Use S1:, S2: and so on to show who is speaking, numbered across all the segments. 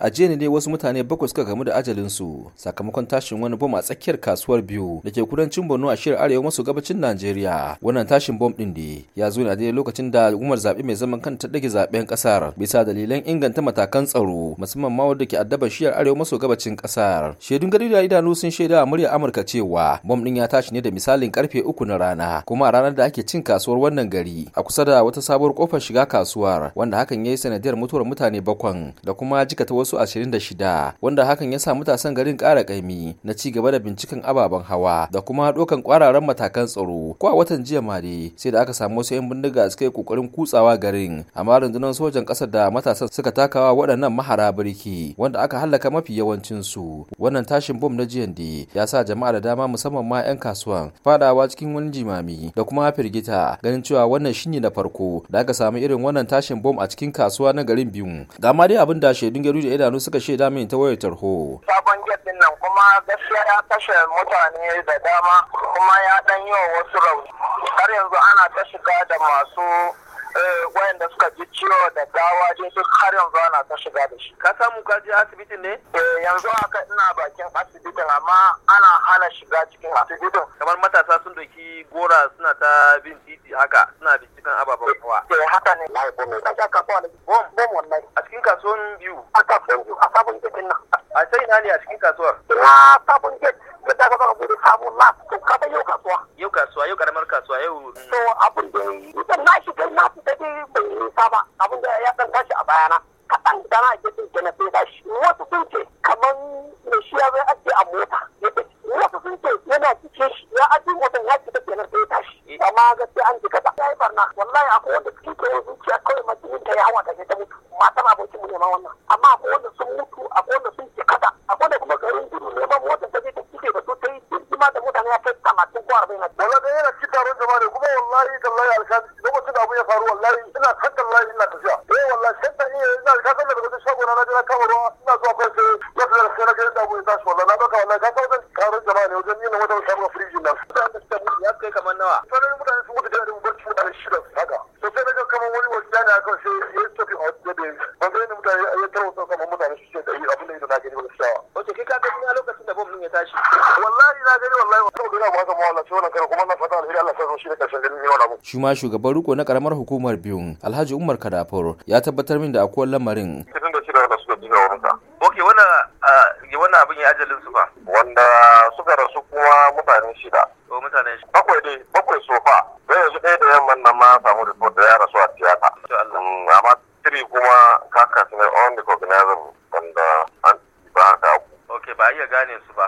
S1: a jiya ne dai wasu mutane bakwai suka gamu da ajalinsu sakamakon tashin wani bom a tsakiyar kasuwar biyu da ke kudancin borno a shirin arewa maso gabacin najeriya wannan tashin bom din ne ya zo ne a daidai lokacin da hukumar zaɓe mai zaman kanta ta ɗage zaɓen ƙasar bisa dalilan inganta matakan tsaro musamman ma wanda ke addabar shiyar arewa maso gabacin ƙasar shaidun gari da idanu sun shaida a muryar amurka cewa bom din ya tashi ne da misalin karfe uku na rana kuma a ranar da ake cin kasuwar wannan gari a kusa da wata sabuwar kofar shiga kasuwar wanda hakan ya yi sanadiyar mutuwar mutane bakwan da kuma jikata wasu wasu 26 wanda hakan ya sa matasan garin kara kaimi na ci gaba da binciken ababen hawa da kuma ɗaukan ƙwararan matakan tsaro ko a watan jiya mare sai da aka samu wasu 'yan bindiga suka yi ƙoƙarin kutsawa garin amma rundunar sojan kasar da matasan suka takawa waɗannan mahara birki wanda aka hallaka mafi yawancinsu wannan tashin bom na jiyan ya sa jama'a da dama musamman ma 'yan kasuwan fadawa cikin wani jimami da kuma firgita ganin cewa wannan shine na farko da aka samu irin wannan tashin bom a cikin kasuwa na garin biyu ga ma dai abin da shaidun gari da idanu suka shaida min ta wayar tarho. Sabon
S2: jet din nan kuma gaskiya ya kashe mutane da dama kuma ya dan yi wa wasu rauni. Har yanzu ana ta shiga da masu eh, wayanda suka ji ciwo da gawa dai duk har yanzu ana ta shiga da shi. Ka samu ka je asibitin ne? Eh, yanzu haka ina bakin asibitin amma ana hana shiga cikin asibitin. Kamar matasa sun doki gora suna ta bin titi haka suna bincikan ababen hawa. Eh haka ne. bom bom bom A cikin kasuwan biyu. staff ɗin a sabon gate nan. A sai ina ne a cikin kasuwar? Na sabon gate da daga zaka bude sabon lab to ka san yau kasuwa. Yau kasuwa yau karamar kasuwa yau. So abin da idan na shiga na fita dai bai nisa ba abin da ya ɗan tashi a bayana. Kaɗan da na ake cin kenan sai da shi wasu sun ce kamar me shi ya zai ajiye a mota. Wasu sun ce yana cikin shi ya ajiye motar ya fita kenan sai tashi. Eh. Amma gaskiya an jikata. Ya yi barna wallahi akwai wanda cikin kewa zuciya kawai mutumin ta ya hawa Allah dai yana cikin taron jama'a ne kuma wallahi tallahi alkan lokacin da abu ya faru wallahi ina kan tallahi ina tafiya eh wallahi sai ta iya ina ka san daga cikin shago na na jira kawo ruwa ina zuwa kai sai ya fara sai na ga yadda abu ya tashi wallahi na doka wallahi ka san wajen taron jama'a ne wajen yin wata shago firiji na ya kai kamar nawa sanin mutane sun mutu da yarin barci mutane shida haka to sai na ga kamar wani wasu jana kan sai ya tafi a wajen da ban sai mutane ya tarwata kamar mutane su ce da abin da ido na gani ba gaskiya wato kai ka gani a lokacin abin ya tashi wallahi na gani wallahi wallahi gina ba ka mawala sai wannan kare kuma na fata alheri Allah sarro shi da karshen ganin yau abu
S1: shi ma shugaban riko na karamar hukumar biyun Alhaji Umar Kadafur ya tabbatar min da akwai lamarin
S2: kitin da shi da su da dinga wurinka okay wannan wannan abin ya ajalin su fa wanda suka rasu kuma mutane shida ko mutane shida bakwai dai bakwai sofa sai yanzu ɗaya da yamma nan ma samu report da ya rasu a tiyata mm, amma tiri kuma kaka ne on the cognizant gane su ba.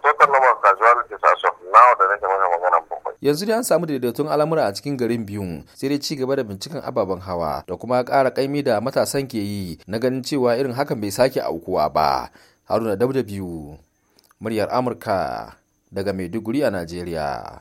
S2: total number of casualties as of now da nake maka magana
S1: yanzu dai an samu daidaiton al'amura a cikin garin biyu sai dai ci gaba da binciken ababen hawa da kuma kara kaimi da matasan ke yi na ganin cewa irin hakan bai sake aukuwa ba haruna da biyu muryar amurka daga maiduguri a najeriya